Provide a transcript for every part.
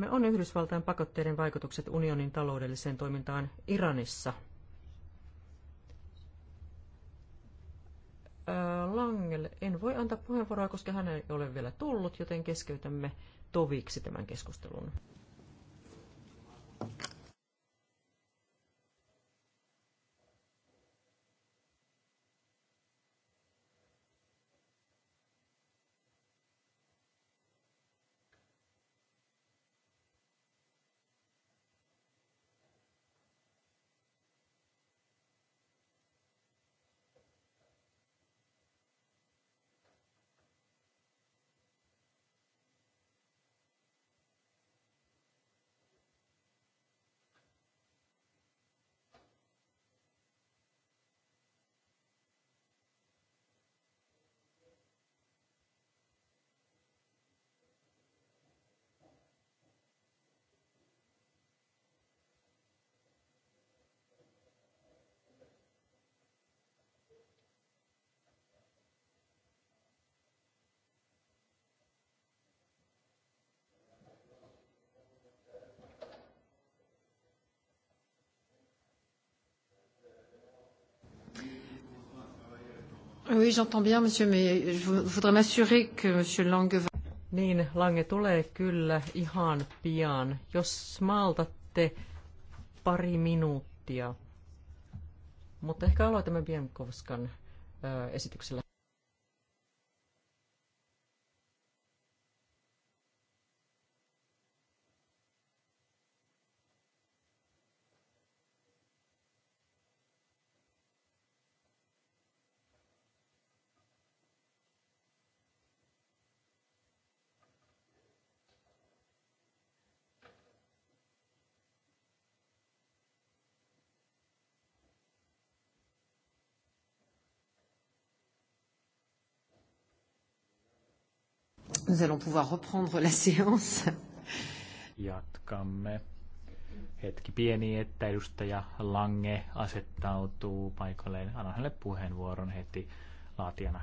Me on Yhdysvaltain pakotteiden vaikutukset unionin taloudelliseen toimintaan Iranissa. Langelle en voi antaa puheenvuoroa, koska hän ei ole vielä tullut, joten keskeytämme toviksi tämän keskustelun. Oui, j'entends bien, monsieur, mais je voudrais m'assurer que monsieur Lange va... Niin, Lange tulee kyllä ihan pian. Jos maltatte pari minuuttia. Mutta ehkä aloitamme Bienkovskan esityksellä. Nous allons pouvoir reprendre la séance. Jatkamme. Hetki pieni, että edustaja Lange asettautuu paikalleen. Annan hänelle puheenvuoron heti laatijana.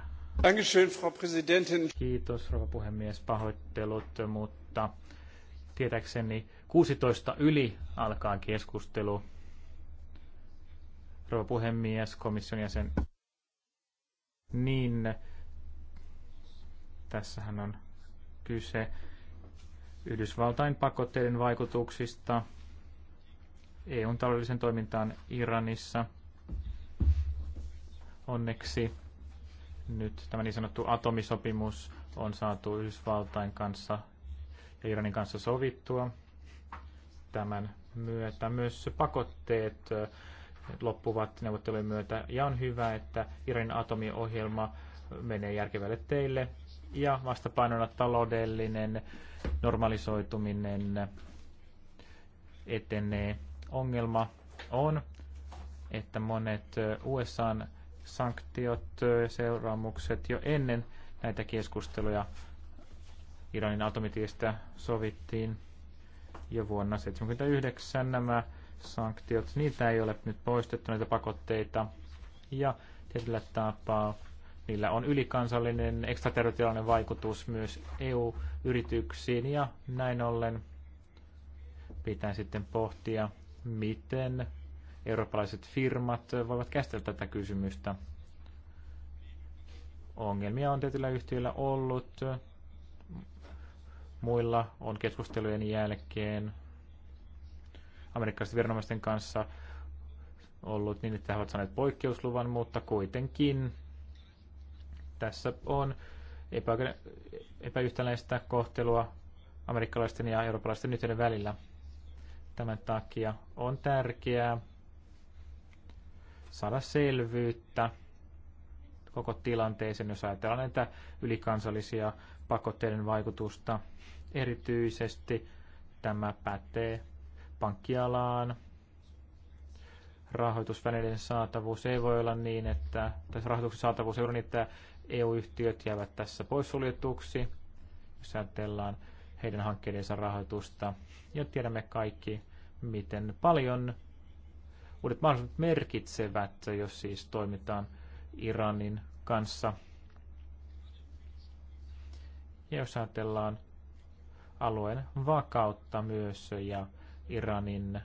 Kiitos, rouva puhemies. Pahoittelut, mutta tietääkseni 16 yli alkaa keskustelu. Rouva puhemies, komission jäsen. Niin, tässähän on kyse Yhdysvaltain pakotteiden vaikutuksista EUn taloudellisen toimintaan Iranissa. Onneksi nyt tämä niin sanottu atomisopimus on saatu Yhdysvaltain kanssa ja Iranin kanssa sovittua. Tämän myötä myös pakotteet loppuvat neuvottelujen myötä ja on hyvä, että Iranin atomiohjelma menee järkevälle teille ja vastapainona taloudellinen normalisoituminen etenee. Ongelma on, että monet USAn sanktiot ja seuraamukset jo ennen näitä keskusteluja Iranin atomitiestä sovittiin jo vuonna 1979 nämä sanktiot. Niitä ei ole nyt poistettu, näitä pakotteita. Ja tietyllä tapaa Niillä on ylikansallinen ekstraterritoriaalinen vaikutus myös EU-yrityksiin ja näin ollen pitää sitten pohtia, miten eurooppalaiset firmat voivat käsitellä tätä kysymystä. Ongelmia on tietyillä yhtiöillä ollut, muilla on keskustelujen jälkeen amerikkalaisten viranomaisten kanssa ollut niin, että he ovat saaneet poikkeusluvan, mutta kuitenkin tässä on epäyhtäläistä kohtelua amerikkalaisten ja eurooppalaisten yhtiöiden välillä. Tämän takia on tärkeää saada selvyyttä koko tilanteeseen, jos ajatellaan näitä ylikansallisia pakotteiden vaikutusta. Erityisesti tämä pätee pankkialaan. Rahoitusvälineiden saatavuus ei voi olla niin, että tässä rahoituksen saatavuus ei ole niin, että EU-yhtiöt jäävät tässä poissuljetuksi, jos ajatellaan heidän hankkeidensa rahoitusta. Ja tiedämme kaikki, miten paljon uudet mahdollisuudet merkitsevät, jos siis toimitaan Iranin kanssa. Ja jos ajatellaan alueen vakautta myös ja Iranin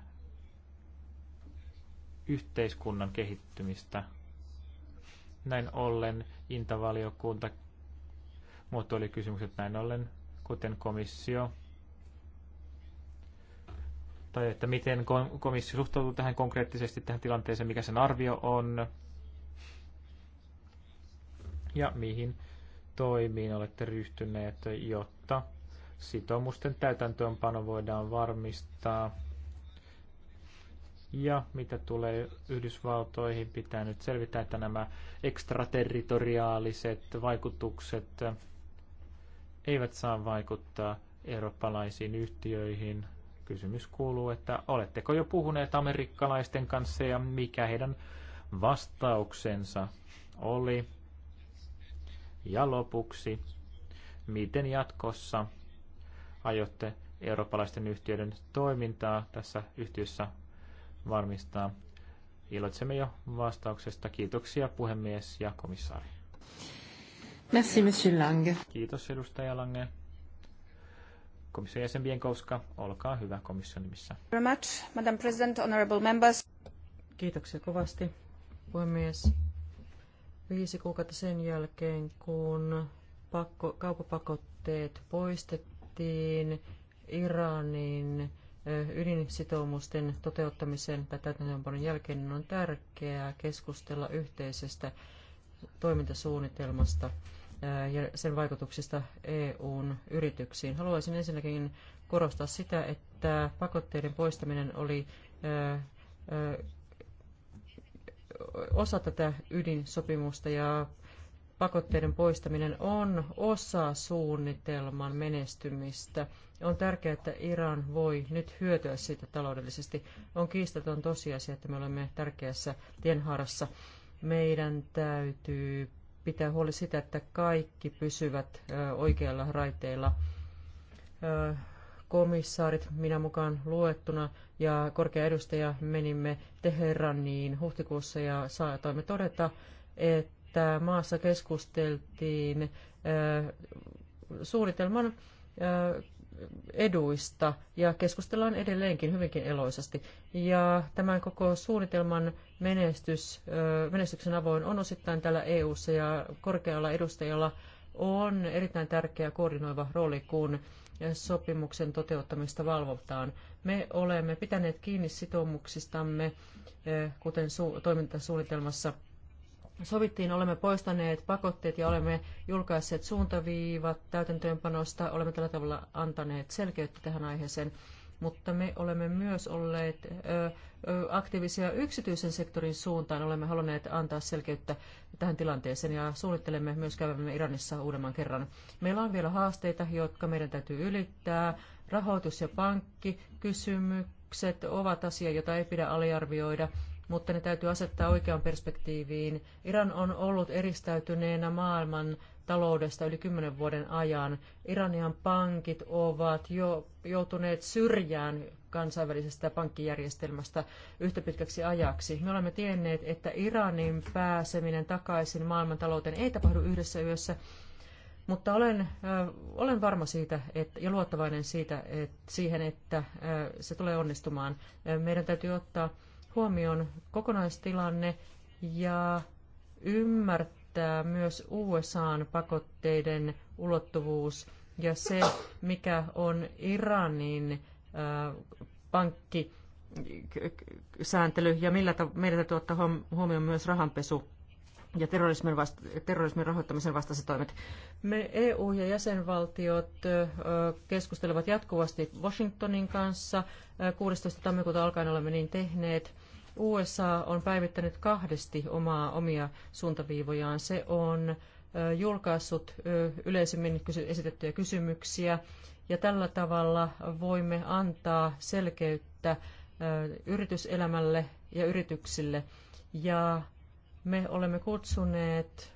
yhteiskunnan kehittymistä näin ollen intavaliokunta muotoili kysymykset näin ollen, kuten komissio tai että miten komissio suhtautuu tähän konkreettisesti tähän tilanteeseen, mikä sen arvio on ja mihin toimiin olette ryhtyneet, jotta sitoumusten täytäntöönpano voidaan varmistaa. Ja mitä tulee Yhdysvaltoihin, pitää nyt selvittää, että nämä ekstraterritoriaaliset vaikutukset eivät saa vaikuttaa eurooppalaisiin yhtiöihin. Kysymys kuuluu, että oletteko jo puhuneet amerikkalaisten kanssa ja mikä heidän vastauksensa oli? Ja lopuksi, miten jatkossa aiotte eurooppalaisten yhtiöiden toimintaa tässä yhtiössä varmistaa. Iloitsemme jo vastauksesta. Kiitoksia puhemies ja komissaari. Merci, monsieur Lange. Kiitos edustaja Lange. Komission jäsen Bienkowska, olkaa hyvä komission nimissä. Very much, Madam President, honorable members. Kiitoksia kovasti, puhemies. Viisi kuukautta sen jälkeen, kun pakko, kaupapakotteet poistettiin, Iranin ydinsitoumusten toteuttamisen tai täytäntöönpanon jälkeen niin on tärkeää keskustella yhteisestä toimintasuunnitelmasta ja sen vaikutuksista EUn yrityksiin. Haluaisin ensinnäkin korostaa sitä, että pakotteiden poistaminen oli osa tätä ydinsopimusta ja pakotteiden poistaminen on osa suunnitelman menestymistä. On tärkeää, että Iran voi nyt hyötyä siitä taloudellisesti. On kiistaton tosiasia, että me olemme tärkeässä tienhaarassa. Meidän täytyy pitää huoli siitä, että kaikki pysyvät oikeilla raiteilla. Komissaarit, minä mukaan luettuna, ja korkea edustaja menimme Teheraniin huhtikuussa ja saatoimme todeta, että että maassa keskusteltiin suunnitelman eduista ja keskustellaan edelleenkin hyvinkin eloisasti. Ja tämän koko suunnitelman menestys, menestyksen avoin on osittain täällä EU:ssa ja korkealla edustajalla on erittäin tärkeä koordinoiva rooli, kun sopimuksen toteuttamista valvotaan. Me olemme pitäneet kiinni sitoumuksistamme, kuten su- toimintasuunnitelmassa – sovittiin, olemme poistaneet pakotteet ja olemme julkaisseet suuntaviivat täytäntöönpanosta. Olemme tällä tavalla antaneet selkeyttä tähän aiheeseen, mutta me olemme myös olleet ö, aktiivisia yksityisen sektorin suuntaan. Olemme halunneet antaa selkeyttä tähän tilanteeseen ja suunnittelemme myös käymään Iranissa uudemman kerran. Meillä on vielä haasteita, jotka meidän täytyy ylittää. Rahoitus- ja pankkikysymykset ovat asia, jota ei pidä aliarvioida mutta ne täytyy asettaa oikeaan perspektiiviin. Iran on ollut eristäytyneenä maailman taloudesta yli kymmenen vuoden ajan. Iranian pankit ovat jo joutuneet syrjään kansainvälisestä pankkijärjestelmästä yhtä pitkäksi ajaksi. Me olemme tienneet, että Iranin pääseminen takaisin maailmantalouteen ei tapahdu yhdessä yössä, mutta olen, olen varma siitä että, ja luottavainen siitä, että, siihen, että se tulee onnistumaan. meidän täytyy ottaa huomioon kokonaistilanne ja ymmärtää myös USAn pakotteiden ulottuvuus ja se, mikä on Iranin pankkisääntely ja millä ta- meidän täytyy ottaa huomioon myös rahanpesu ja terrorismin, vasta- terrorismin rahoittamisen vastaiset toimet. Me EU ja jäsenvaltiot keskustelevat jatkuvasti Washingtonin kanssa. 16. tammikuuta alkaen olemme niin tehneet. USA on päivittänyt kahdesti omaa omia suuntaviivojaan. Se on julkaissut yleisemmin esitettyjä kysymyksiä ja tällä tavalla voimme antaa selkeyttä yrityselämälle ja yrityksille. Ja me olemme kutsuneet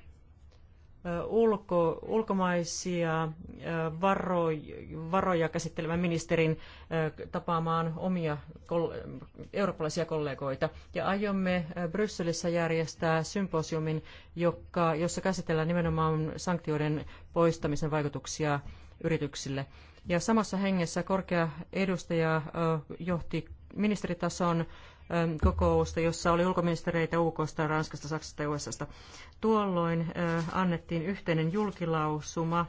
ulko, ulkomaisia varoja käsittelevän ministerin tapaamaan omia eurooppalaisia kollegoita. Ja aiomme Brysselissä järjestää symposiumin, joka, jossa käsitellään nimenomaan sanktioiden poistamisen vaikutuksia yrityksille. Ja samassa hengessä korkea edustaja johti ministeritason kokousta, jossa oli ulkoministereitä UKsta, Ranskasta, Saksasta ja USAsta. Tuolloin annettiin yhteinen julkilausuma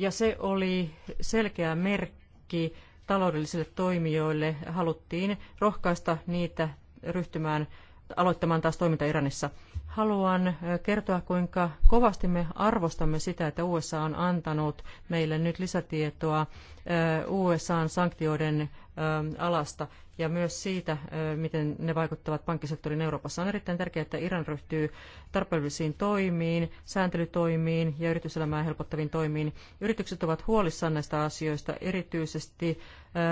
ja se oli selkeä merkki taloudellisille toimijoille. Haluttiin rohkaista niitä ryhtymään aloittamaan taas toiminta Iranissa haluan kertoa, kuinka kovasti me arvostamme sitä, että USA on antanut meille nyt lisätietoa USAn sanktioiden alasta ja myös siitä, miten ne vaikuttavat pankkisektorin Euroopassa. On erittäin tärkeää, että Iran ryhtyy tarpeellisiin toimiin, sääntelytoimiin ja yrityselämää helpottaviin toimiin. Yritykset ovat huolissaan näistä asioista, erityisesti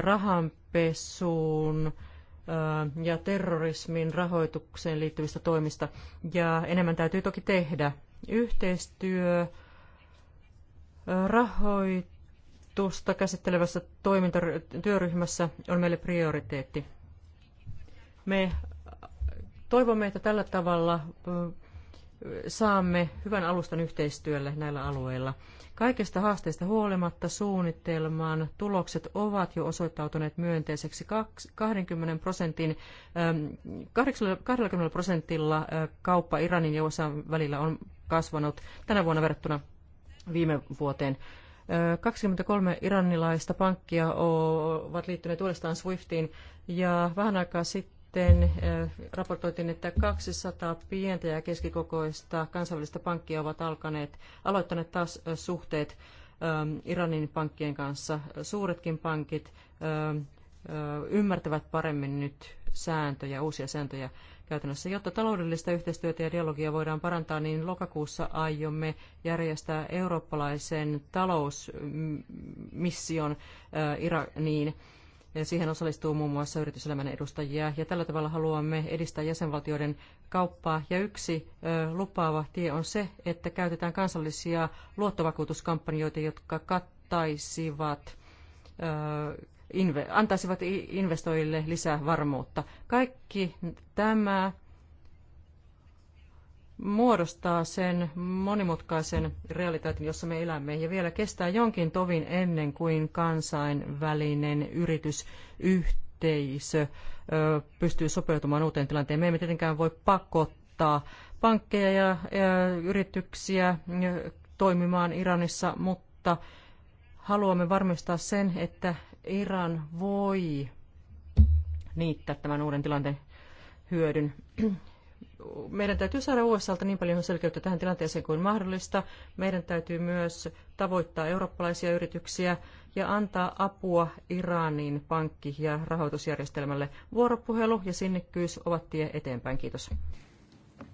rahanpesuun ja terrorismin rahoitukseen liittyvistä toimista. Ja enemmän täytyy toki tehdä. Yhteistyö rahoitusta käsittelevässä toimintatyöryhmässä on meille prioriteetti. Me toivomme, että tällä tavalla saamme hyvän alustan yhteistyölle näillä alueilla. Kaikesta haasteesta huolimatta suunnitelman tulokset ovat jo osoittautuneet myönteiseksi 20 prosentin, 80 prosentilla kauppa Iranin ja USA välillä on kasvanut tänä vuonna verrattuna viime vuoteen. 23 iranilaista pankkia ovat liittyneet uudestaan Swiftiin ja vähän aikaa sitten sitten eh, raportoitiin, että 200 pientä ja keskikokoista kansainvälistä pankkia ovat alkaneet, aloittaneet taas eh, suhteet eh, Iranin pankkien kanssa. Suuretkin pankit ymmärtävät paremmin nyt sääntöjä, uusia sääntöjä käytännössä. Jotta taloudellista yhteistyötä ja dialogia voidaan parantaa, niin lokakuussa aiomme järjestää eurooppalaisen talousmission Iraniin. Äh, Siihen osallistuu muun muassa yrityselämän edustajia ja tällä tavalla haluamme edistää jäsenvaltioiden kauppaa. Ja yksi lupaava tie on se, että käytetään kansallisia luottovakuutuskampanjoita, jotka kattaisivat antaisivat investoijille lisää varmuutta. Kaikki tämä muodostaa sen monimutkaisen realiteetin, jossa me elämme. Ja vielä kestää jonkin tovin ennen kuin kansainvälinen yritysyhteisö pystyy sopeutumaan uuteen tilanteen. Me emme tietenkään voi pakottaa pankkeja ja yrityksiä toimimaan Iranissa, mutta haluamme varmistaa sen, että Iran voi niittää tämän uuden tilanteen hyödyn meidän täytyy saada USAlta niin paljon selkeyttä tähän tilanteeseen kuin mahdollista. Meidän täytyy myös tavoittaa eurooppalaisia yrityksiä ja antaa apua Iranin pankki- ja rahoitusjärjestelmälle. Vuoropuhelu ja sinnikkyys ovat tie eteenpäin. Kiitos.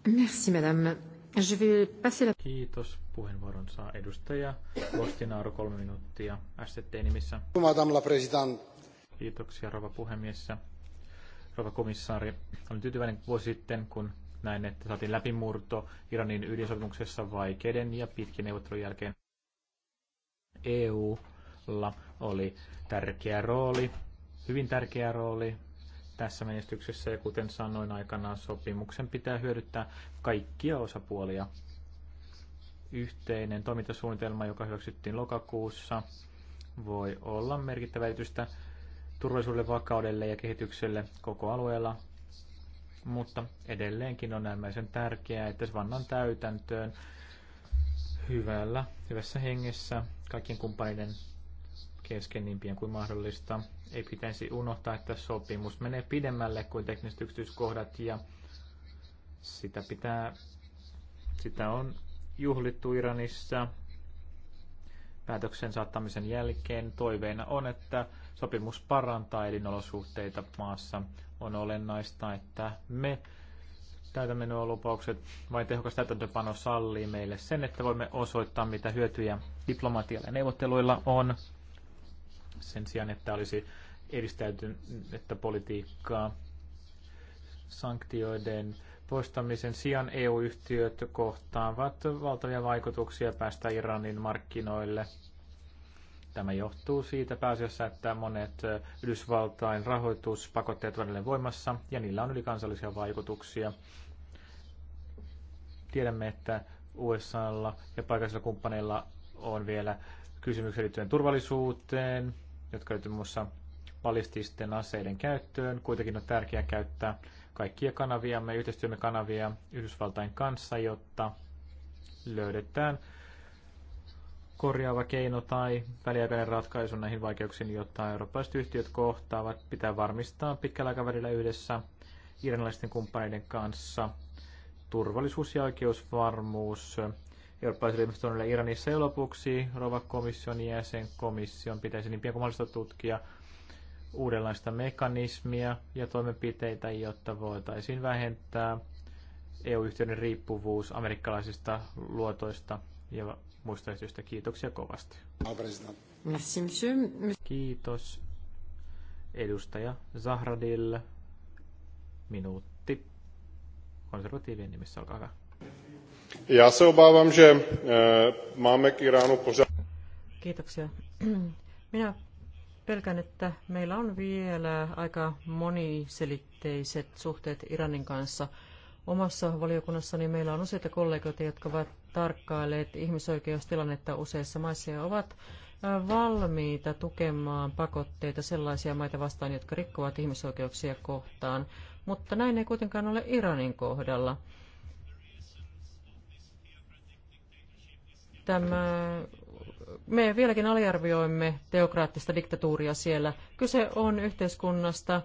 Merci, madame. Je vais passer la... Kiitos. Puheenvuoron saa edustaja Vostinaaro kolme minuuttia ST-nimissä. Madame la présidente. Kiitoksia, rouva puhemies. Rouva komissaari, olin tyytyväinen vuosi sitten, kun näin, että saatiin läpimurto Iranin ydinsopimuksessa vaikeiden ja pitkien neuvottelun jälkeen. EUlla oli tärkeä rooli, hyvin tärkeä rooli tässä menestyksessä ja kuten sanoin aikanaan, sopimuksen pitää hyödyttää kaikkia osapuolia. Yhteinen toimintasuunnitelma, joka hyväksyttiin lokakuussa, voi olla merkittävä edistystä turvallisuudelle, vakaudelle ja kehitykselle koko alueella mutta edelleenkin on äärimmäisen tärkeää, että se vannan täytäntöön hyvällä, hyvässä hengessä kaikkien kumppaneiden kesken niin pian kuin mahdollista. Ei pitäisi unohtaa, että sopimus menee pidemmälle kuin tekniset yksityiskohdat ja sitä, pitää, sitä on juhlittu Iranissa päätöksen saattamisen jälkeen. Toiveena on, että sopimus parantaa elinolosuhteita maassa on olennaista, että me täytämme nuo lupaukset, vai tehokas täytäntöpano sallii meille sen, että voimme osoittaa, mitä hyötyjä diplomatialla ja neuvotteluilla on, sen sijaan, että olisi että politiikkaa sanktioiden poistamisen sijaan EU-yhtiöt kohtaavat valtavia vaikutuksia päästä Iranin markkinoille – Tämä johtuu siitä pääasiassa, että monet Yhdysvaltain rahoituspakotteet ovat edelleen voimassa ja niillä on ylikansallisia vaikutuksia. Tiedämme, että USAlla ja paikallisilla kumppaneilla on vielä kysymyksiä liittyen turvallisuuteen, jotka liittyvät muassa ballististen aseiden käyttöön. Kuitenkin on tärkeää käyttää kaikkia kanaviamme, yhteistyömme kanavia Yhdysvaltain kanssa, jotta löydetään korjaava keino tai väliaikainen ratkaisu näihin vaikeuksiin, jotta eurooppalaiset yhtiöt kohtaavat, pitää varmistaa pitkällä aikavälillä yhdessä iranilaisten kumppaneiden kanssa turvallisuus ja oikeusvarmuus eurooppalaisille investoinnille Iranissa ja lopuksi Rova komission jäsen komission pitäisi niin pian kuin mahdollista tutkia uudenlaista mekanismia ja toimenpiteitä, jotta voitaisiin vähentää EU-yhtiöiden riippuvuus amerikkalaisista luotoista ja muista syystä Kiitoksia kovasti. Kiitos edustaja Zahradil. Minuutti. Konservatiivien nimissä, olkaa hyvä. Ja se obávám, že eh, máme k Iránu Kiitoksia. Minä pelkään, että meillä on vielä aika moniselitteiset suhteet Iranin kanssa. Omassa valiokunnassani meillä on useita kollegoita, jotka ovat tarkkailleet ihmisoikeustilannetta useissa maissa ja ovat valmiita tukemaan pakotteita sellaisia maita vastaan, jotka rikkovat ihmisoikeuksia kohtaan. Mutta näin ei kuitenkaan ole Iranin kohdalla. Tämä, me vieläkin aliarvioimme teokraattista diktatuuria siellä. Kyse on yhteiskunnasta,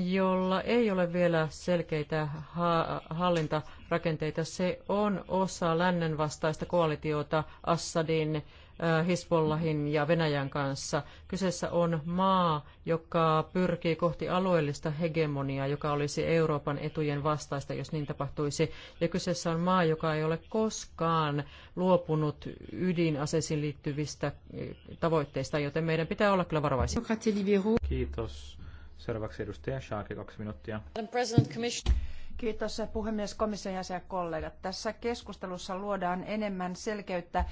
jolla ei ole vielä selkeitä ha- hallintarakenteita. Se on osa lännen vastaista koalitiota Assadin, Hisbollahin ja Venäjän kanssa. Kyseessä on maa, joka pyrkii kohti alueellista hegemoniaa, joka olisi Euroopan etujen vastaista, jos niin tapahtuisi. Ja kyseessä on maa, joka ei ole koskaan luopunut ydinaseisiin liittyvistä tavoitteista, joten meidän pitää olla kyllä varovaisia. Kiitos. Seuraavaksi edustaja Shaake, kaksi minuuttia. Kiitos puhemies, komission jäsen ja kollegat. Tässä keskustelussa luodaan enemmän selkeyttä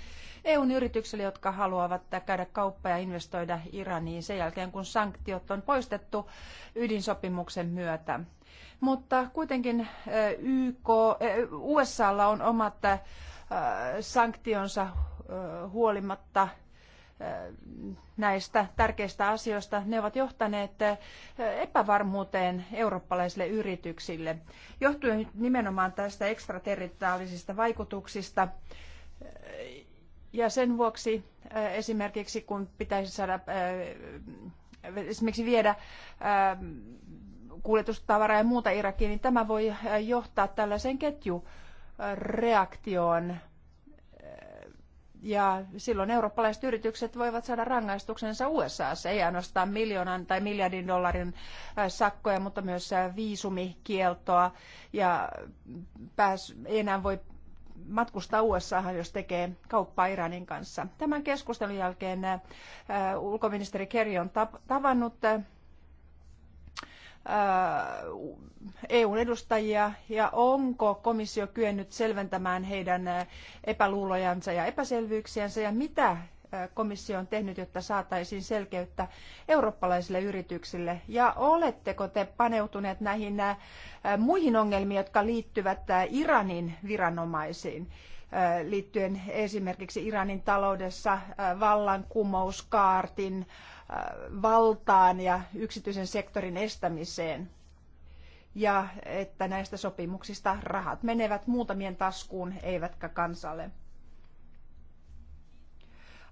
EUn yrityksille, jotka haluavat käydä kauppaa ja investoida Iraniin sen jälkeen, kun sanktiot on poistettu ydinsopimuksen myötä. Mutta kuitenkin eh, YK, eh, USAlla on omat eh, sanktionsa huolimatta – näistä tärkeistä asioista, ne ovat johtaneet epävarmuuteen eurooppalaisille yrityksille, johtuen nimenomaan tästä ekstraterritaalisista vaikutuksista. Ja sen vuoksi esimerkiksi kun pitäisi saada esimerkiksi viedä kuljetustavaraa ja muuta Irakiin, niin tämä voi johtaa tällaiseen ketjureaktioon ja silloin eurooppalaiset yritykset voivat saada rangaistuksensa USAssa, ei ainoastaan miljoonan tai miljardin dollarin äh, sakkoja, mutta myös äh, viisumikieltoa ja pääs, ei enää voi matkustaa USAhan, jos tekee kauppaa Iranin kanssa. Tämän keskustelun jälkeen äh, ulkoministeri Kerry on tavannut EUn edustajia ja onko komissio kyennyt selventämään heidän epäluulojansa ja epäselvyyksiänsä ja mitä komissio on tehnyt, jotta saataisiin selkeyttä eurooppalaisille yrityksille? Ja oletteko te paneutuneet näihin muihin ongelmiin, jotka liittyvät Iranin viranomaisiin? liittyen esimerkiksi Iranin taloudessa vallankumouskaartin valtaan ja yksityisen sektorin estämiseen. Ja että näistä sopimuksista rahat menevät muutamien taskuun, eivätkä kansalle.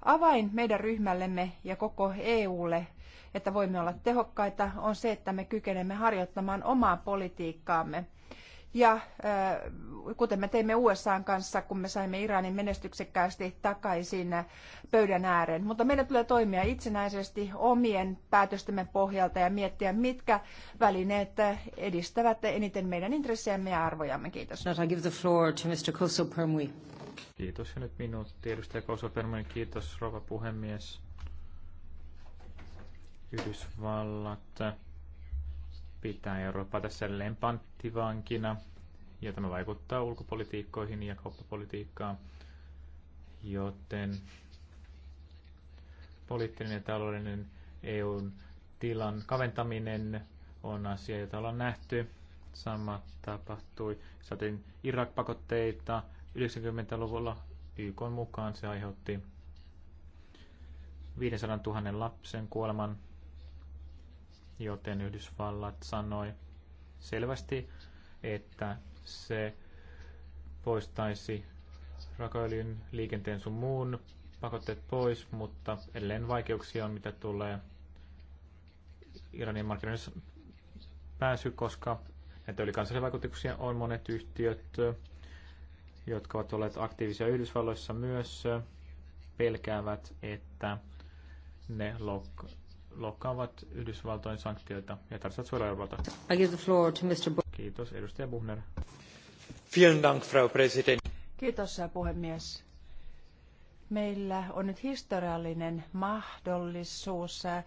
Avain meidän ryhmällemme ja koko EUlle, että voimme olla tehokkaita, on se, että me kykenemme harjoittamaan omaa politiikkaamme – ja äh, kuten me teimme USAn kanssa, kun me saimme Iranin menestyksekkäästi takaisin pöydän ääreen. Mutta meidän tulee toimia itsenäisesti omien päätöstemme pohjalta ja miettiä, mitkä välineet edistävät eniten meidän intressejämme ja arvojamme. Kiitos. Now I give the floor to Mr. Koso Permui. Kiitos ja nyt minuutti. Edustaja Koso Permui, kiitos rouva puhemies. Yhdysvallat pitää Eurooppaa tässä panttivankina, ja tämä vaikuttaa ulkopolitiikkoihin ja kauppapolitiikkaan, joten poliittinen ja taloudellinen EUn tilan kaventaminen on asia, jota ollaan nähty. Sama tapahtui. Saatiin Irak-pakotteita 90-luvulla YK mukaan. Se aiheutti 500 000 lapsen kuoleman joten Yhdysvallat sanoi selvästi, että se poistaisi rakoilyn liikenteen sun muun pakotteet pois, mutta edelleen vaikeuksia on, mitä tulee Iranin markkinoille pääsy, koska näitä ylikansallisia vaikutuksia on monet yhtiöt, jotka ovat olleet aktiivisia Yhdysvalloissa myös, pelkäävät, että ne loukkaavat Yhdysvaltojen sanktioita ja tarvitsevat suojelua Kiitos, edustaja Buhner. Dank, Frau President. Kiitos, puhemies. Meillä on nyt historiallinen mahdollisuus äh,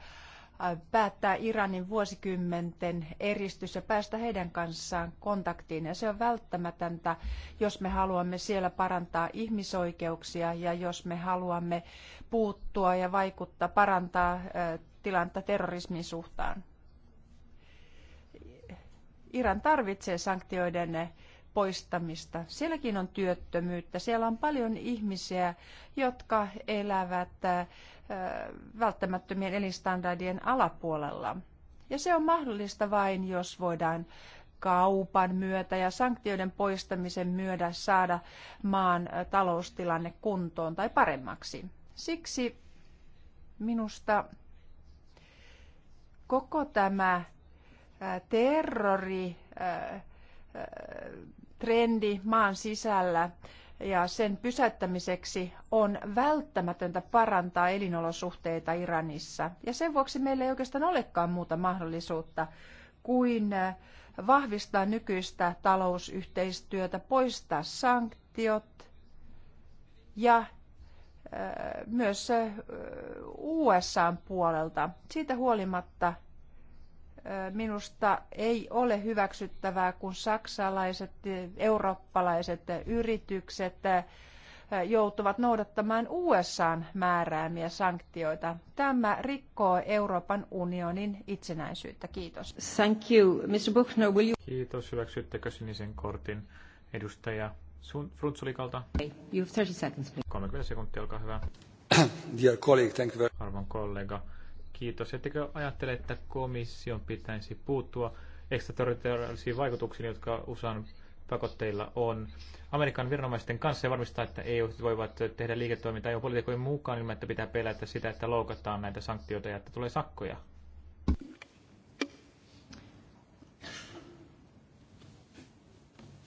päättää Iranin vuosikymmenten eristys ja päästä heidän kanssaan kontaktiin. Ja se on välttämätöntä, jos me haluamme siellä parantaa ihmisoikeuksia ja jos me haluamme puuttua ja vaikuttaa, parantaa äh, tilannetta terrorismin suhtaan. Iran tarvitsee sanktioiden poistamista. Sielläkin on työttömyyttä. Siellä on paljon ihmisiä, jotka elävät äh, välttämättömien elinstandardien alapuolella. Ja se on mahdollista vain, jos voidaan kaupan myötä ja sanktioiden poistamisen myötä saada maan äh, taloustilanne kuntoon tai paremmaksi. Siksi minusta koko tämä terrori trendi maan sisällä ja sen pysäyttämiseksi on välttämätöntä parantaa elinolosuhteita Iranissa. Ja sen vuoksi meillä ei oikeastaan olekaan muuta mahdollisuutta kuin vahvistaa nykyistä talousyhteistyötä, poistaa sanktiot ja myös USA puolelta. Siitä huolimatta minusta ei ole hyväksyttävää, kun saksalaiset, eurooppalaiset yritykset joutuvat noudattamaan USAn määräämiä sanktioita. Tämä rikkoo Euroopan unionin itsenäisyyttä. Kiitos. Thank you. Mr. Buchner, will you... Kiitos. Hyväksyttekö sinisen kortin edustaja Sun, Frunzulikalta. Hey, you have 30 seconds, please. 30 sekuntia, olkaa hyvä. Dear colleague, thank you very... Arvon kollega, kiitos. Ettekö ajattele, että komission pitäisi puuttua ekstraterritoriaalisiin vaikutuksiin, jotka USAn pakotteilla on Amerikan viranomaisten kanssa ja varmistaa, että EU voivat tehdä liiketoimintaa jo e poliitikkojen mukaan ilman, että pitää pelätä sitä, että loukataan näitä sanktioita ja että tulee sakkoja?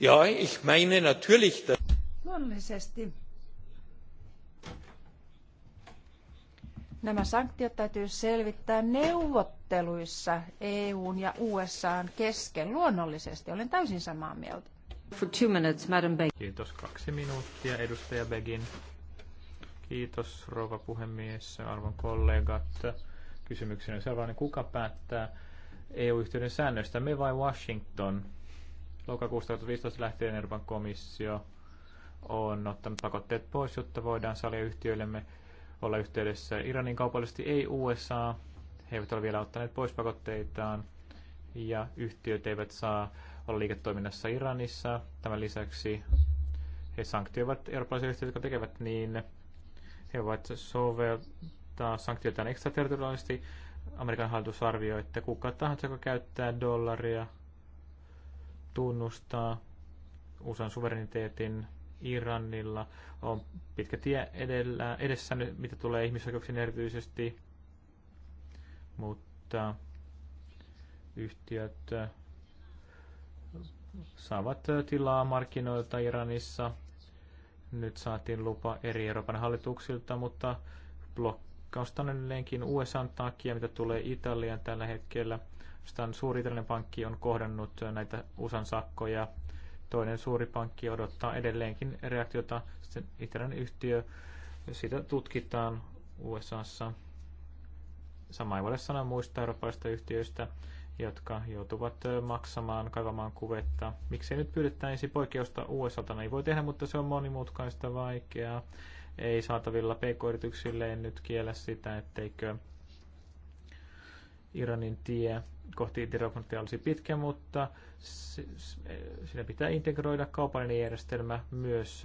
Ja, ich meine natürlich. Luonnollisesti. Nämä sanktiot täytyy selvittää neuvotteluissa EUn ja USAn kesken luonnollisesti. Olen täysin samaa mieltä. For two minutes, Madam Begin. Kiitos kaksi minuuttia, edustaja Begin. Kiitos, rouva puhemies, arvon kollegat. Kysymyksenä on sellainen, kuka päättää EU-yhteyden säännöistä, me vai Washington? Lokakuusta 2015 lähtien Euroopan komissio on ottanut pakotteet pois, jotta voidaan salia yhtiöillemme olla yhteydessä Iranin kaupallisesti, ei USA. He eivät ole vielä ottaneet pois pakotteitaan ja yhtiöt eivät saa olla liiketoiminnassa Iranissa. Tämän lisäksi he sanktioivat eurooppalaisia yhtiöitä, jotka tekevät niin. He voivat soveltaa sanktioitaan ekstraterritoriaalisesti. Amerikan hallitus arvioi, että kuka tahansa, joka käyttää dollaria – tunnustaa USAn suvereniteetin Iranilla. On pitkä tie edellä, edessä, mitä tulee ihmisoikeuksiin erityisesti, mutta yhtiöt saavat tilaa markkinoilta Iranissa. Nyt saatiin lupa eri Euroopan hallituksilta, mutta blokkausta on edelleenkin USA takia, mitä tulee Italian tällä hetkellä – Stan suuri italialainen pankki on kohdannut näitä USAn sakkoja. Toinen suuri pankki odottaa edelleenkin reaktiota. Sitten Italian yhtiö, sitä tutkitaan USAssa. Sama ei voida sanoa muista eurooppalaisista yhtiöistä, jotka joutuvat maksamaan, kaivamaan kuvetta. Miksei nyt pyydettäisi poikkeusta USAlta? No ei voi tehdä, mutta se on monimutkaista, vaikeaa. Ei saatavilla pk-yrityksille en nyt kiellä sitä, etteikö Iranin tie kohti interoperatiota olisi pitkä, mutta siinä e, pitää integroida kaupallinen järjestelmä myös,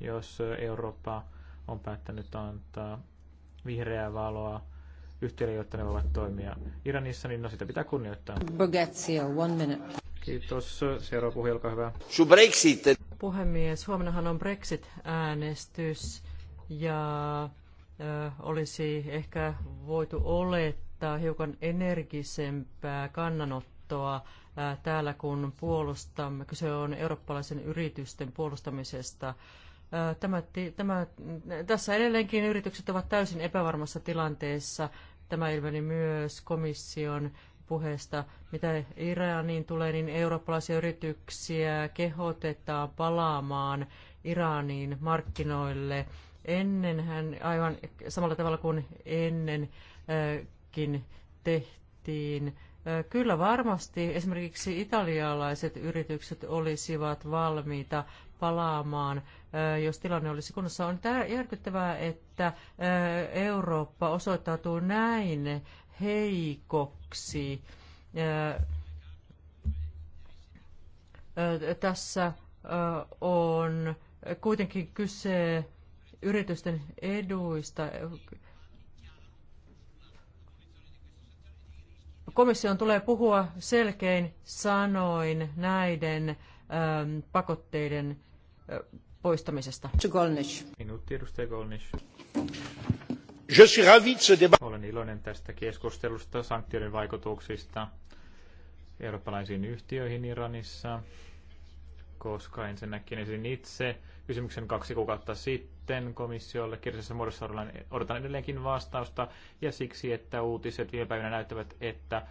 jos Eurooppa on päättänyt antaa vihreää valoa yhtiölle, jotta ne voivat toimia Iranissa, niin no sitä pitää kunnioittaa. Bogazio, one minute. Kiitos. Seuraava puhe, olkaa hyvä. Brexit. Puhemies, huomennahan on Brexit-äänestys ja ö, olisi ehkä voitu olettaa, odottaa hiukan energisempää kannanottoa täällä, kun puolustamme, kyse on eurooppalaisen yritysten puolustamisesta. Tämä, tämä, tässä edelleenkin yritykset ovat täysin epävarmassa tilanteessa. Tämä ilmeni myös komission puheesta. Mitä Iraniin tulee, niin eurooppalaisia yrityksiä kehotetaan palaamaan Iraniin markkinoille. Ennenhän, aivan samalla tavalla kuin ennen muillekin tehtiin. Kyllä varmasti esimerkiksi italialaiset yritykset olisivat valmiita palaamaan, jos tilanne olisi kunnossa. On järkyttävää, että Eurooppa osoittautuu näin heikoksi. Tässä on kuitenkin kyse yritysten eduista. komission tulee puhua selkein sanoin näiden ähm, pakotteiden äh, poistamisesta. Minuutti edustaja Golnish. Je suis ravi de ce débat. Olen iloinen tästä keskustelusta sanktioiden vaikutuksista eurooppalaisiin yhtiöihin Iranissa, koska ensinnäkin esitin itse kysymyksen kaksi kuukautta sitten komissiolle kirjallisessa muodossa odotan edelleenkin vastausta ja siksi, että uutiset viime päivinä näyttävät, että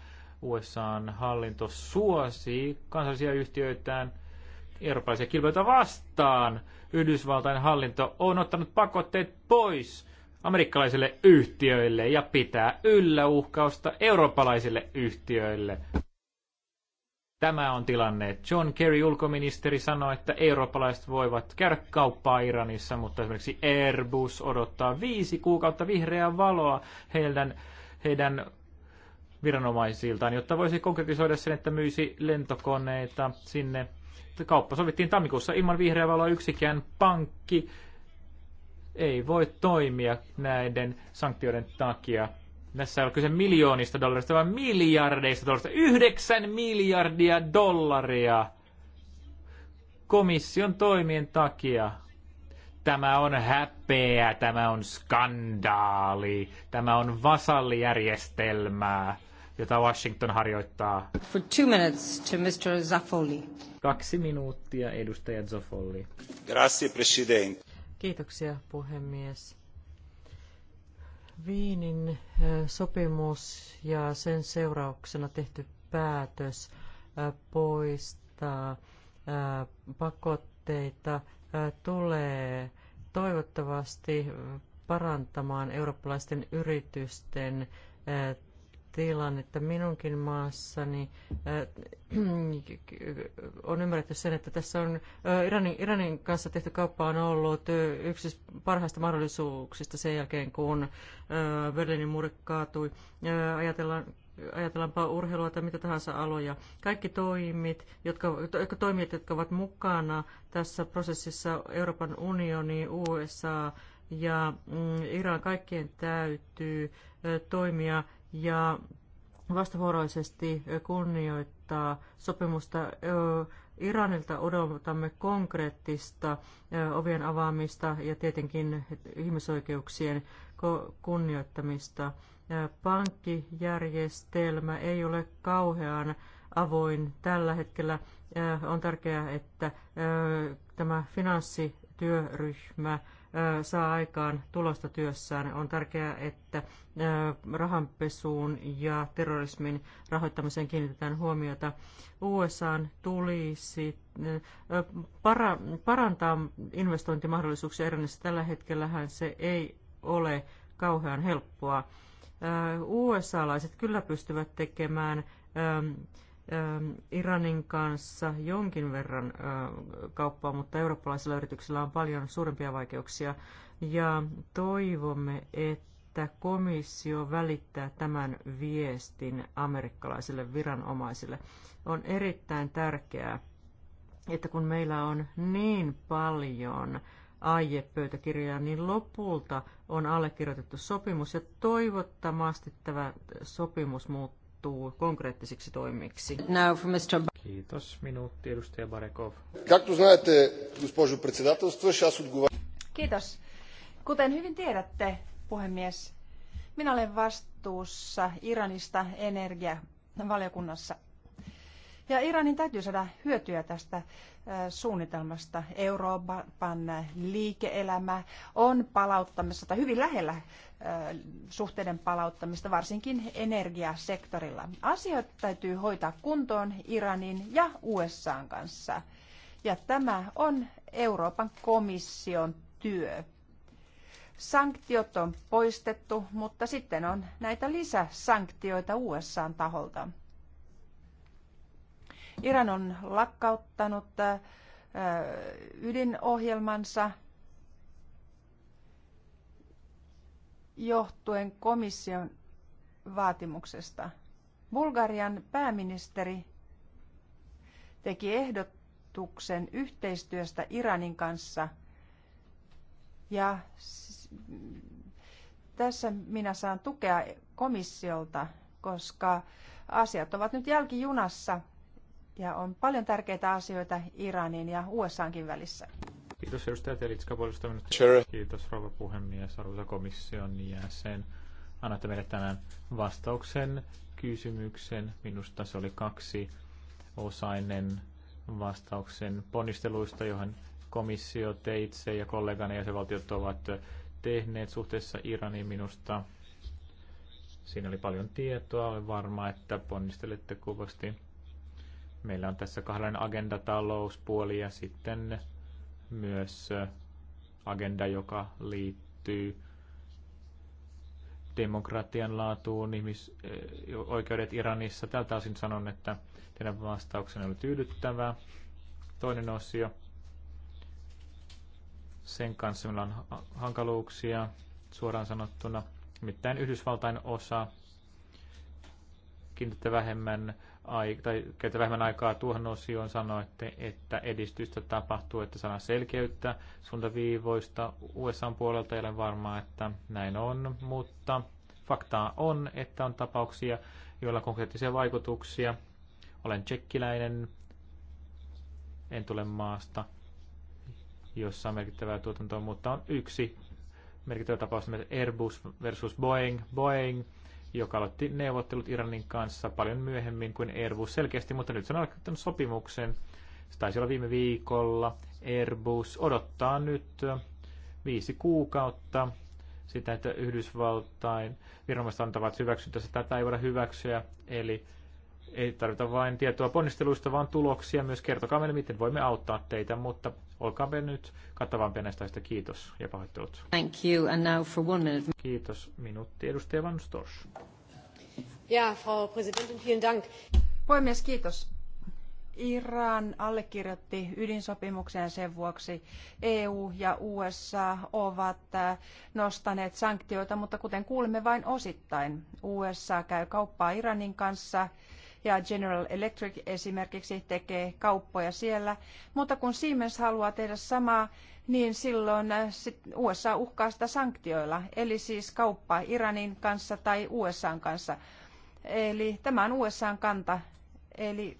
USAn hallinto suosii kansallisia yhtiöitään eurooppalaisia kilpailijoita vastaan. Yhdysvaltain hallinto on ottanut pakotteet pois amerikkalaisille yhtiöille ja pitää yllä uhkausta eurooppalaisille yhtiöille. Tämä on tilanne. John Kerry, ulkoministeri, sanoi, että eurooppalaiset voivat käydä kauppaa Iranissa, mutta esimerkiksi Airbus odottaa viisi kuukautta vihreää valoa heidän, heidän viranomaisiltaan, jotta voisi konkretisoida sen, että myisi lentokoneita sinne. Kauppa sovittiin tammikuussa ilman vihreää valoa yksikään pankki ei voi toimia näiden sanktioiden takia. Tässä on kyse miljoonista dollarista, vaan miljardeista dollarista. Yhdeksän miljardia dollaria komission toimien takia. Tämä on häpeä, tämä on skandaali, tämä on vasallijärjestelmää, jota Washington harjoittaa. For two minutes to Mr. Zaffoli. Kaksi minuuttia, edustaja Zoffoli. Grazie, president. Kiitoksia, puhemies. Viinin äh, sopimus ja sen seurauksena tehty päätös äh, poistaa äh, pakotteita tulee toivottavasti parantamaan eurooppalaisten yritysten tilannetta minunkin maassani. Äh, on ymmärretty sen, että tässä on äh, Iranin, Iranin kanssa tehty kauppa on ollut äh, yksi parhaista mahdollisuuksista sen jälkeen, kun Berliinin muuri kaatui. Ajatellaan, ajatellaanpa urheilua tai mitä tahansa aloja. Kaikki toimit, jotka, jotka toimijat, jotka ovat mukana tässä prosessissa, Euroopan unioni, USA ja mm, Iran, kaikkien täytyy toimia ja vastavuoroisesti kunnioittaa sopimusta. Iranilta odotamme konkreettista ovien avaamista ja tietenkin ihmisoikeuksien kunnioittamista. Pankkijärjestelmä ei ole kauhean avoin tällä hetkellä. On tärkeää, että tämä finanssityöryhmä saa aikaan tulosta työssään. On tärkeää, että rahanpesuun ja terrorismin rahoittamiseen kiinnitetään huomiota. USA tulisi para, parantaa investointimahdollisuuksia Iranissa. Tällä hetkellähän se ei ole kauhean helppoa. USA-laiset kyllä pystyvät tekemään Ähm, Iranin kanssa jonkin verran äh, kauppaa, mutta eurooppalaisilla yrityksillä on paljon suurempia vaikeuksia. Ja toivomme, että komissio välittää tämän viestin amerikkalaisille viranomaisille. On erittäin tärkeää, että kun meillä on niin paljon aiepöytäkirjaa, niin lopulta on allekirjoitettu sopimus ja toivottavasti tämä sopimus muuttuu muuttuu konkreettisiksi toimiksi. Now for Mr. Kiitos. Minuutti, edustaja Barekov. Kiitos. Kuten hyvin tiedätte, puhemies, minä olen vastuussa Iranista energiavaliokunnassa ja Iranin täytyy saada hyötyä tästä äh, suunnitelmasta. Euroopan liike-elämä on palauttamassa tai hyvin lähellä äh, suhteiden palauttamista, varsinkin energiasektorilla. Asiat täytyy hoitaa kuntoon Iranin ja USAn kanssa. Ja tämä on Euroopan komission työ. Sanktiot on poistettu, mutta sitten on näitä lisäsanktioita USAn taholta. Iran on lakkauttanut äh, ydinohjelmansa johtuen komission vaatimuksesta. Bulgarian pääministeri teki ehdotuksen yhteistyöstä Iranin kanssa ja tässä minä saan tukea komissiolta, koska asiat ovat nyt jälkijunassa ja on paljon tärkeitä asioita Iranin ja USAankin välissä. Kiitos edustaja Telitska puolesta sure. Kiitos rouva puhemies, arvoisa komission jäsen. Annatte meille tänään vastauksen kysymyksen. Minusta se oli kaksi osainen vastauksen ponnisteluista, johon komissio, teitse ja kollegani jäsenvaltiot ovat tehneet suhteessa Iraniin minusta. Siinä oli paljon tietoa. Olen varma, että ponnistelette kuvasti. Meillä on tässä kahden agenda talouspuoli ja sitten myös agenda, joka liittyy demokratian laatuun, ihmisoikeudet Iranissa. Tältä osin sanon, että teidän vastauksenne oli tyydyttävää. Toinen osio. Sen kanssa meillä on hankaluuksia suoraan sanottuna. Nimittäin Yhdysvaltain osa kiinnittää vähemmän tai käytä vähemmän aikaa tuohon osioon, sanoitte, että edistystä tapahtuu, että saadaan selkeyttä suuntaviivoista USA puolelta. Ei ole varmaa, että näin on, mutta faktaa on, että on tapauksia, joilla on konkreettisia vaikutuksia. Olen tsekkiläinen, en tule maasta, jossa on merkittävää tuotantoa, mutta on yksi merkittävä tapaus, Airbus versus Boeing. Boeing joka aloitti neuvottelut Iranin kanssa paljon myöhemmin kuin Airbus selkeästi, mutta nyt se on aloittanut sopimuksen. Se taisi olla viime viikolla. Airbus odottaa nyt viisi kuukautta sitä, että Yhdysvaltain viranomaiset antavat hyväksyntä, tätä ei voida hyväksyä. Eli ei tarvita vain tietoa ponnisteluista, vaan tuloksia myös. Kertokaa meille, miten voimme auttaa teitä, mutta Olkaamme nyt kattavan pienestä Kiitos ja pahoittelut. Thank you. And now for one minute. Kiitos. Minuutti. Edustaja Van Stors. Ja, Frau Präsidentin, vielen Dank. Puhemies, kiitos. Iran allekirjoitti ydinsopimuksen sen vuoksi EU ja USA ovat äh, nostaneet sanktioita, mutta kuten kuulimme vain osittain, USA käy kauppaa Iranin kanssa ja General Electric esimerkiksi tekee kauppoja siellä. Mutta kun Siemens haluaa tehdä samaa, niin silloin äh, USA uhkaa sitä sanktioilla, eli siis kauppaa Iranin kanssa tai USAn kanssa. Eli tämä on USAn kanta, eli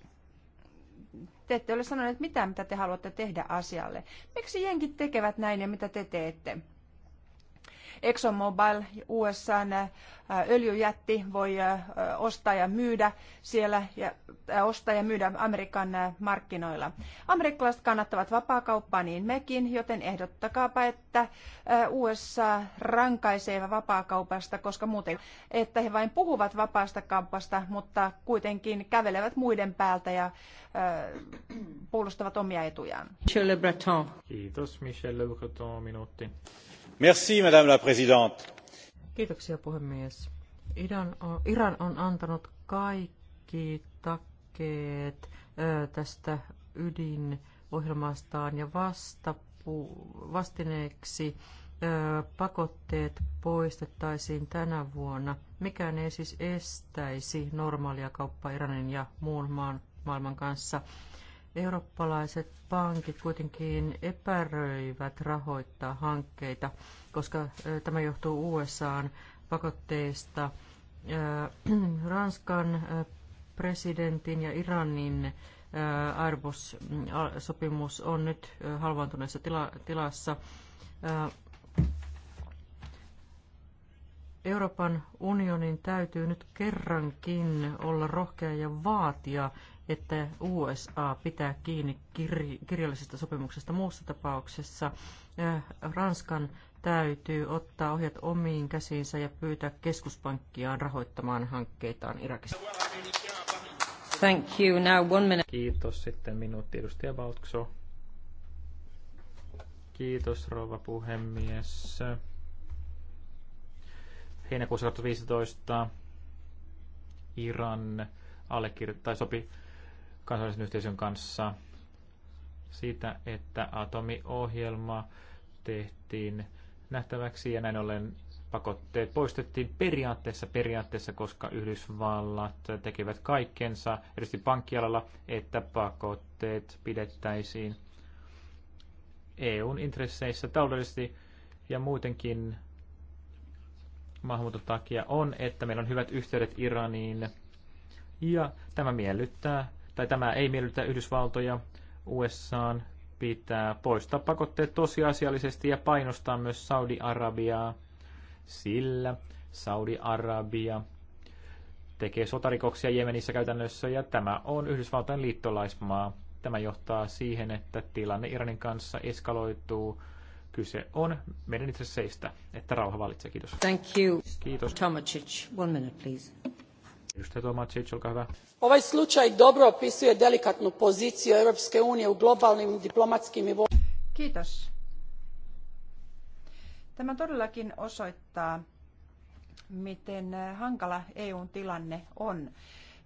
te ette ole sanoneet mitään, mitä te haluatte tehdä asialle. Miksi jenkit tekevät näin ja mitä te teette? ExxonMobil, USAn äh, öljyjätti, voi äh, ostaa ja myydä siellä ja äh, ostaa ja myydä Amerikan markkinoilla. Amerikkalaiset kannattavat vapaakauppaa niin mekin, joten ehdottakaapa, että USA rankaisee vapaakaupasta, koska muuten, että he vain puhuvat vapaasta kaupasta, mutta kuitenkin kävelevät muiden päältä ja puolustavat omia etujaan. Michel Breton. Kiitos Michel Breton, minuutti madame la présidente. Kiitoksia puhemies. Iran on antanut kaikki takkeet tästä ydinohjelmastaan ja vastineeksi pakotteet poistettaisiin tänä vuonna. Mikään ei siis estäisi normaalia kauppaa Iranin ja muun maan, maailman kanssa. Eurooppalaiset pankit kuitenkin epäröivät rahoittaa hankkeita, koska tämä johtuu USAn pakotteista. Ranskan presidentin ja Iranin Airbus-sopimus mm, on nyt halvaantuneessa tilassa. Euroopan unionin täytyy nyt kerrankin olla rohkea ja vaatia että USA pitää kiinni kir- kirjallisesta sopimuksesta muussa tapauksessa. Ranskan täytyy ottaa ohjat omiin käsiinsä ja pyytää keskuspankkiaan rahoittamaan hankkeitaan Irakissa. Thank you. Now one minute. Kiitos. Sitten minuutti edustaja Bautkso. Kiitos rouva puhemies. Heinäkuussa 2015 Iran allekirjoitti tai sopi kansallisen yhteisön kanssa siitä, että atomiohjelma tehtiin nähtäväksi ja näin ollen pakotteet poistettiin periaatteessa periaatteessa, koska Yhdysvallat tekivät kaikkensa, erityisesti pankkialalla, että pakotteet pidettäisiin EUn intresseissä taloudellisesti ja muutenkin maahanmuuton takia on, että meillä on hyvät yhteydet Iraniin ja tämä miellyttää tai tämä ei miellytä Yhdysvaltoja, USAan pitää poistaa pakotteet tosiasiallisesti ja painostaa myös Saudi-Arabiaa, sillä Saudi-Arabia tekee sotarikoksia Jemenissä käytännössä ja tämä on Yhdysvaltain liittolaismaa. Tämä johtaa siihen, että tilanne Iranin kanssa eskaloituu. Kyse on meidän itse seistä, että rauha valitsee. Kiitos. Thank you. Kiitos. Tomacic, one minute please. Ovaj slučaj dobro opisuje delikatnu poziciju Europske unije u globalnim diplomatskim i... Kiitos. Tämä todellakin osoittaa, miten hankala EUn tilanne on.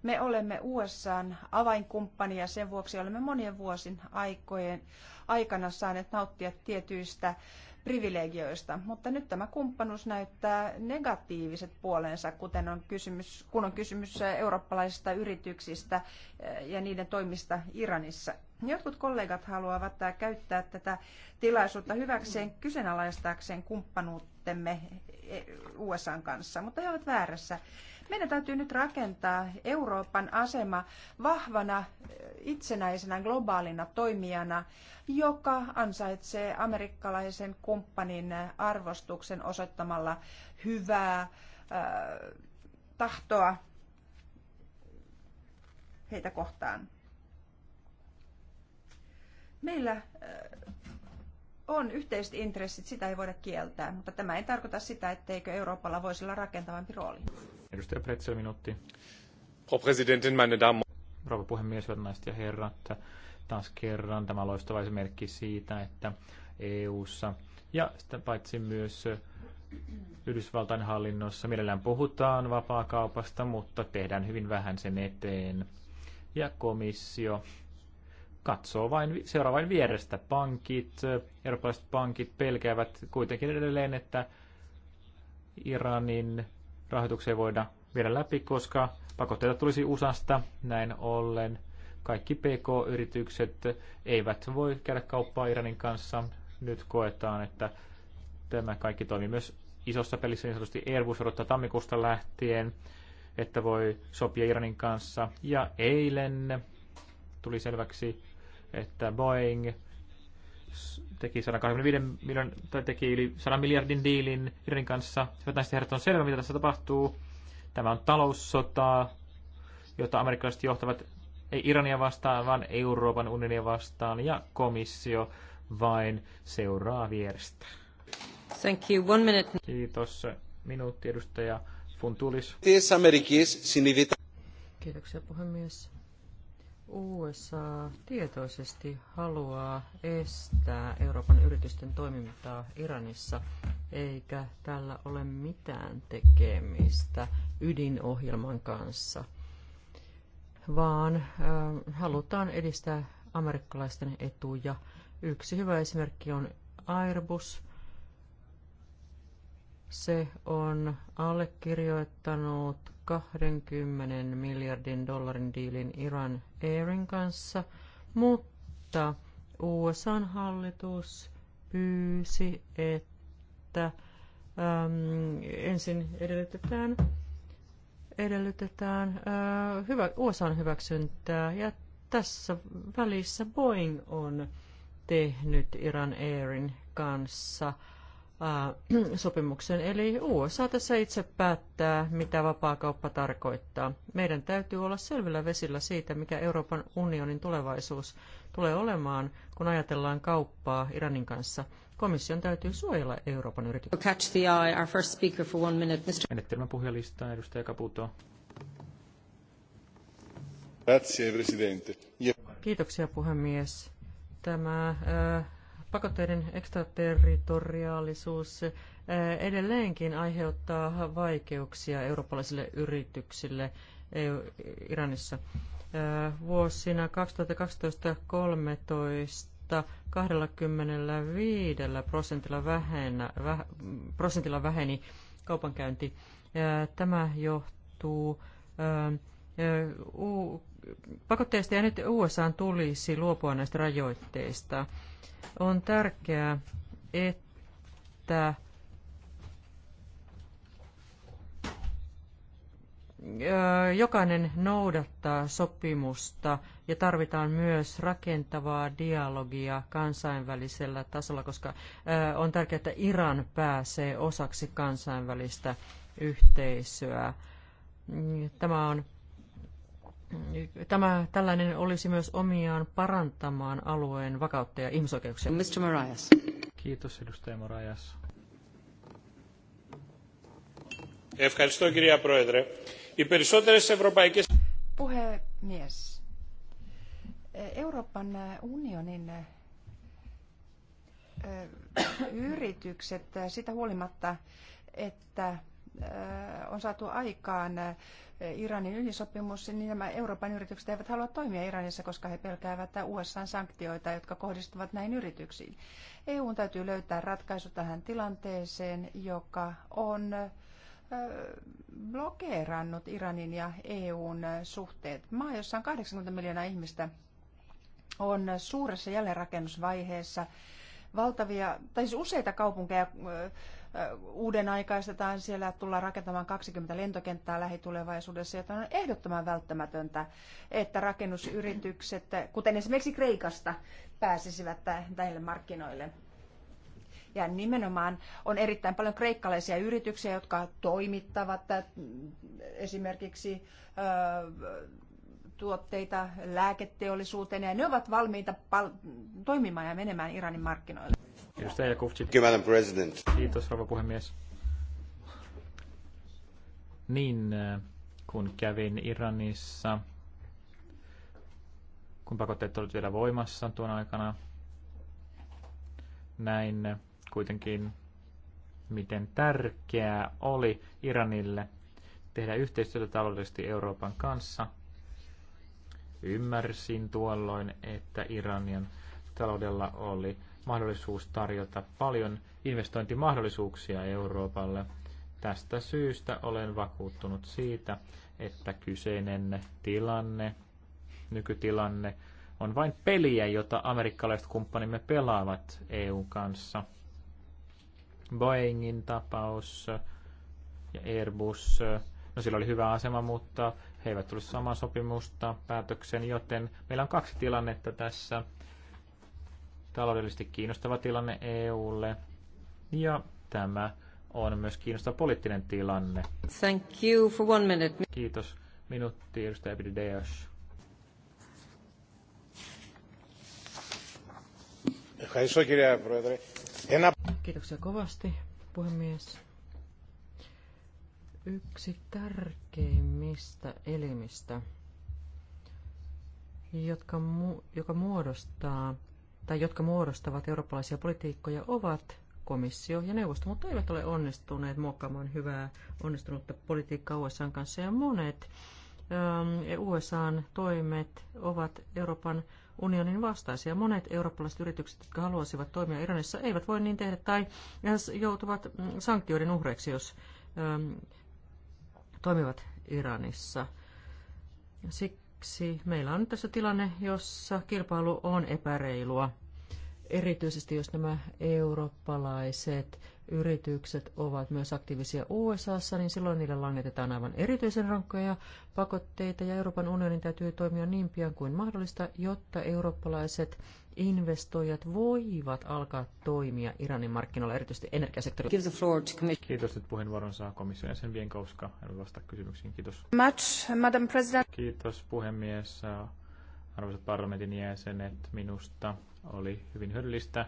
Me olemme USAn avainkumppani ja sen vuoksi olemme monien vuosien aikojen aikana saaneet nauttia tietyistä privilegioista, mutta nyt tämä kumppanuus näyttää negatiiviset puolensa, kuten on kysymys, kun on kysymys eurooppalaisista yrityksistä eh, ja niiden toimista Iranissa. Jotkut kollegat haluavat eh, käyttää tätä tilaisuutta hyväkseen kyseenalaistaakseen kumppanuuttemme eh, USAn kanssa, mutta he ovat väärässä. Meidän täytyy nyt rakentaa Euroopan asema vahvana, itsenäisenä globaalina toimijana, joka ansaitsee amerikkalaisen kumppanin arvostuksen osoittamalla hyvää tahtoa heitä kohtaan. Meillä on yhteiset intressit, sitä ei voida kieltää, mutta tämä ei tarkoita sitä, etteikö Euroopalla voisi olla rakentavampi rooli. Edustaja Pretzel, minuutti. Frau Präsidentin, meine Damen. Rouva puhemies, hyvät naiset ja herrat. Taas kerran tämä loistava esimerkki siitä, että EU-ssa ja sitä paitsi myös Yhdysvaltain hallinnossa mielellään puhutaan vapaakaupasta, mutta tehdään hyvin vähän sen eteen. Ja komissio katsoo vain, seuraa vain vierestä. Pankit, eurooppalaiset pankit pelkäävät kuitenkin edelleen, että Iranin rahoitukseen voida viedä läpi, koska pakotteita tulisi USAsta. Näin ollen kaikki PK-yritykset eivät voi käydä kauppaa Iranin kanssa. Nyt koetaan, että tämä kaikki toimii myös isossa pelissä niin sanotusti Airbus odottaa tammikuusta lähtien, että voi sopia Iranin kanssa. Ja eilen tuli selväksi, että Boeing teki 125 miljoonan, tai teki yli 100 miljardin diilin Iranin kanssa. Hyvät näistä herrat, on selvä, mitä tässä tapahtuu. Tämä on taloussota, jota amerikkalaiset johtavat ei Irania vastaan, vaan Euroopan unionia vastaan, ja komissio vain seuraa vierestä. Thank you. One minute. Kiitos. Minuutti edustaja Funtulis. Kiitoksia puhemies. USA tietoisesti haluaa estää Euroopan yritysten toimintaa Iranissa, eikä tällä ole mitään tekemistä ydinohjelman kanssa, vaan äh, halutaan edistää amerikkalaisten etuja. Yksi hyvä esimerkki on Airbus. Se on allekirjoittanut 20 miljardin dollarin diilin Iran Airin kanssa, mutta USAn hallitus pyysi, että äm, ensin edellytetään, edellytetään ää, hyvä, USAn hyväksyntää ja tässä välissä Boeing on tehnyt Iran Airin kanssa – sopimuksen. Eli USA tässä itse päättää, mitä vapaakauppa tarkoittaa. Meidän täytyy olla selvillä vesillä siitä, mikä Euroopan unionin tulevaisuus tulee olemaan, kun ajatellaan kauppaa Iranin kanssa. Komission täytyy suojella Euroopan yrityksiä. Menettelmän puhujalistaan, edustaja Caputo. Kiitoksia puhemies. Tämä äh, pakotteiden ekstraterritoriaalisuus eh, edelleenkin aiheuttaa vaikeuksia eurooppalaisille yrityksille eh, Iranissa. Eh, vuosina 2012-2013 25 prosentilla, vähenä, väh, prosentilla väheni kaupankäynti. Tämä johtuu pakotteista ja nyt USA tulisi luopua näistä rajoitteista. On tärkeää, että jokainen noudattaa sopimusta ja tarvitaan myös rakentavaa dialogia kansainvälisellä tasolla, koska on tärkeää, että Iran pääsee osaksi kansainvälistä yhteisöä. Tämä on Tämä tällainen olisi myös omiaan parantamaan alueen vakautta ja ihmisoikeuksia. Mr. Marias. Kiitos, edustaja Marias. Ευχαριστώ, κυρία Πρόεδρε. Οι περισσότερες Puhemies. Euroopan unionin yritykset sitä huolimatta, että on saatu aikaan Iranin ydinsopimus, niin nämä Euroopan yritykset eivät halua toimia Iranissa, koska he pelkäävät USA-sanktioita, jotka kohdistuvat näihin yrityksiin. EUn täytyy löytää ratkaisu tähän tilanteeseen, joka on blokeerannut Iranin ja EUn suhteet. Maa, jossa on 80 miljoonaa ihmistä, on suuressa jälleenrakennusvaiheessa valtavia, tai siis useita kaupunkeja uuden aikaistetaan, siellä tullaan rakentamaan 20 lentokenttää lähitulevaisuudessa, joten on ehdottoman välttämätöntä, että rakennusyritykset, kuten esimerkiksi Kreikasta, pääsisivät näille markkinoille. Ja nimenomaan on erittäin paljon kreikkalaisia yrityksiä, jotka toimittavat esimerkiksi tuotteita lääketeollisuuteen ja ne ovat valmiita toimimaan ja menemään Iranin markkinoille. Edustaja Jakovcic. President. Kiitos, rouva puhemies. Niin, äh, kun kävin Iranissa, kun pakotteet olivat vielä voimassa tuon aikana, näin kuitenkin, miten tärkeää oli Iranille tehdä yhteistyötä taloudellisesti Euroopan kanssa – Ymmärsin tuolloin, että Iranian taloudella oli mahdollisuus tarjota paljon investointimahdollisuuksia Euroopalle. Tästä syystä olen vakuuttunut siitä, että kyseinen tilanne, nykytilanne, on vain peliä, jota amerikkalaiset kumppanimme pelaavat EUn kanssa. Boeingin tapaus ja Airbus, no sillä oli hyvä asema, mutta he eivät tulisi samaa sopimusta päätöksen, joten meillä on kaksi tilannetta tässä. Taloudellisesti kiinnostava tilanne EUlle ja tämä on myös kiinnostava poliittinen tilanne. Thank you for one minute. Kiitos. Minuutti, edustaja Epidideos. Kiitoksia kovasti, puhemies yksi tärkeimmistä elimistä, jotka mu- joka muodostaa tai jotka muodostavat eurooppalaisia politiikkoja, ovat komissio ja neuvosto, mutta eivät ole onnistuneet muokkaamaan hyvää onnistunutta politiikkaa USA kanssa. Ja monet ähm, USAn toimet ovat Euroopan unionin vastaisia. Monet eurooppalaiset yritykset, jotka haluaisivat toimia Iranissa, eivät voi niin tehdä tai joutuvat mm, sanktioiden uhreiksi, jos ähm, toimivat Iranissa. Siksi meillä on tässä tilanne, jossa kilpailu on epäreilua. Erityisesti jos nämä eurooppalaiset yritykset ovat myös aktiivisia USAssa, niin silloin niille langetetaan aivan erityisen rankkoja pakotteita ja Euroopan unionin täytyy toimia niin pian kuin mahdollista, jotta eurooppalaiset investoijat voivat alkaa toimia Iranin markkinoilla, erityisesti energiasektorilla. Give the floor to Kiitos, että puheenvuoron saa komission jäsen Vienkouska. En vastaa kysymyksiin. Kiitos. Much, Madam President. Kiitos puhemies. Arvoisat parlamentin jäsenet, minusta oli hyvin hyödyllistä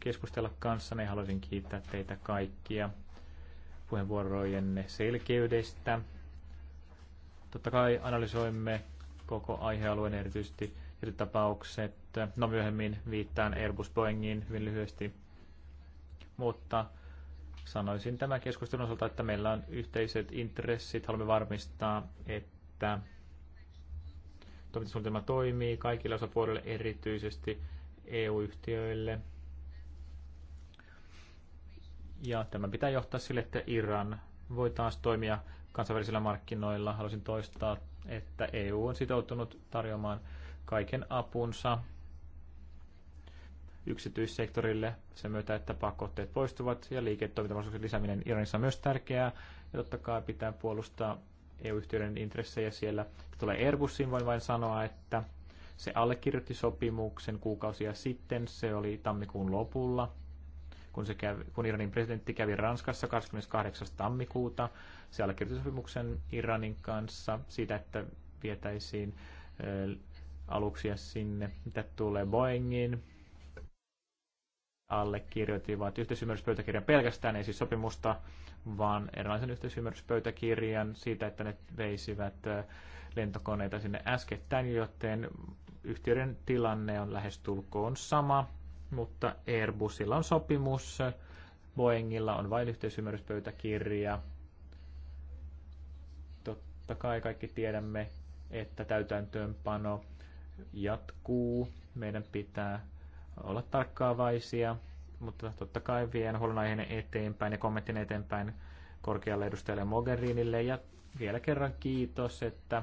keskustella kanssanne. Haluaisin kiittää teitä kaikkia puheenvuorojenne selkeydestä. Totta kai analysoimme koko aihealueen erityisesti eri tapaukset. No myöhemmin viittaan Airbus Boeingiin hyvin lyhyesti, mutta sanoisin tämän keskustelun osalta, että meillä on yhteiset intressit. Haluamme varmistaa, että toimintasuunnitelma toimii kaikille osapuolille, erityisesti EU-yhtiöille. Ja tämä pitää johtaa sille, että Iran voi taas toimia kansainvälisillä markkinoilla. Haluaisin toistaa, että EU on sitoutunut tarjoamaan kaiken apunsa yksityissektorille sen myötä, että pakotteet poistuvat ja liiketoimintamahdollisuuksien lisääminen Iranissa on myös tärkeää. Ja totta kai pitää puolustaa EU-yhtiöiden intressejä siellä. Tulee Airbusin, voin vain sanoa, että se allekirjoitti sopimuksen kuukausia sitten, se oli tammikuun lopulla, kun, se kävi, kun Iranin presidentti kävi Ranskassa 28. tammikuuta. Se allekirjoitti sopimuksen Iranin kanssa siitä, että vietäisiin aluksia sinne, mitä tulee Boeingin. Allekirjoitivat yhteisymmärryspöytäkirjan pelkästään, ei siis sopimusta, vaan erilaisen yhteisymmärryspöytäkirjan siitä, että ne veisivät äh, lentokoneita sinne äskettäin, joten yhtiöiden tilanne on lähestulkoon sama, mutta Airbusilla on sopimus, Boeingilla on vain yhteisymmärryspöytäkirja. Totta kai kaikki tiedämme, että täytäntöönpano jatkuu. Meidän pitää olla tarkkaavaisia, mutta totta kai vien huolenaiheen eteenpäin ja kommentin eteenpäin korkealle edustajalle Mogherinille. Ja vielä kerran kiitos, että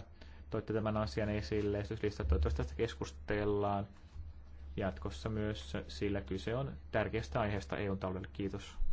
toitte tämän asian esille. Esityslista toivottavasti tästä keskustellaan jatkossa myös, sillä kyse on tärkeästä aiheesta EU-taloudelle. Kiitos.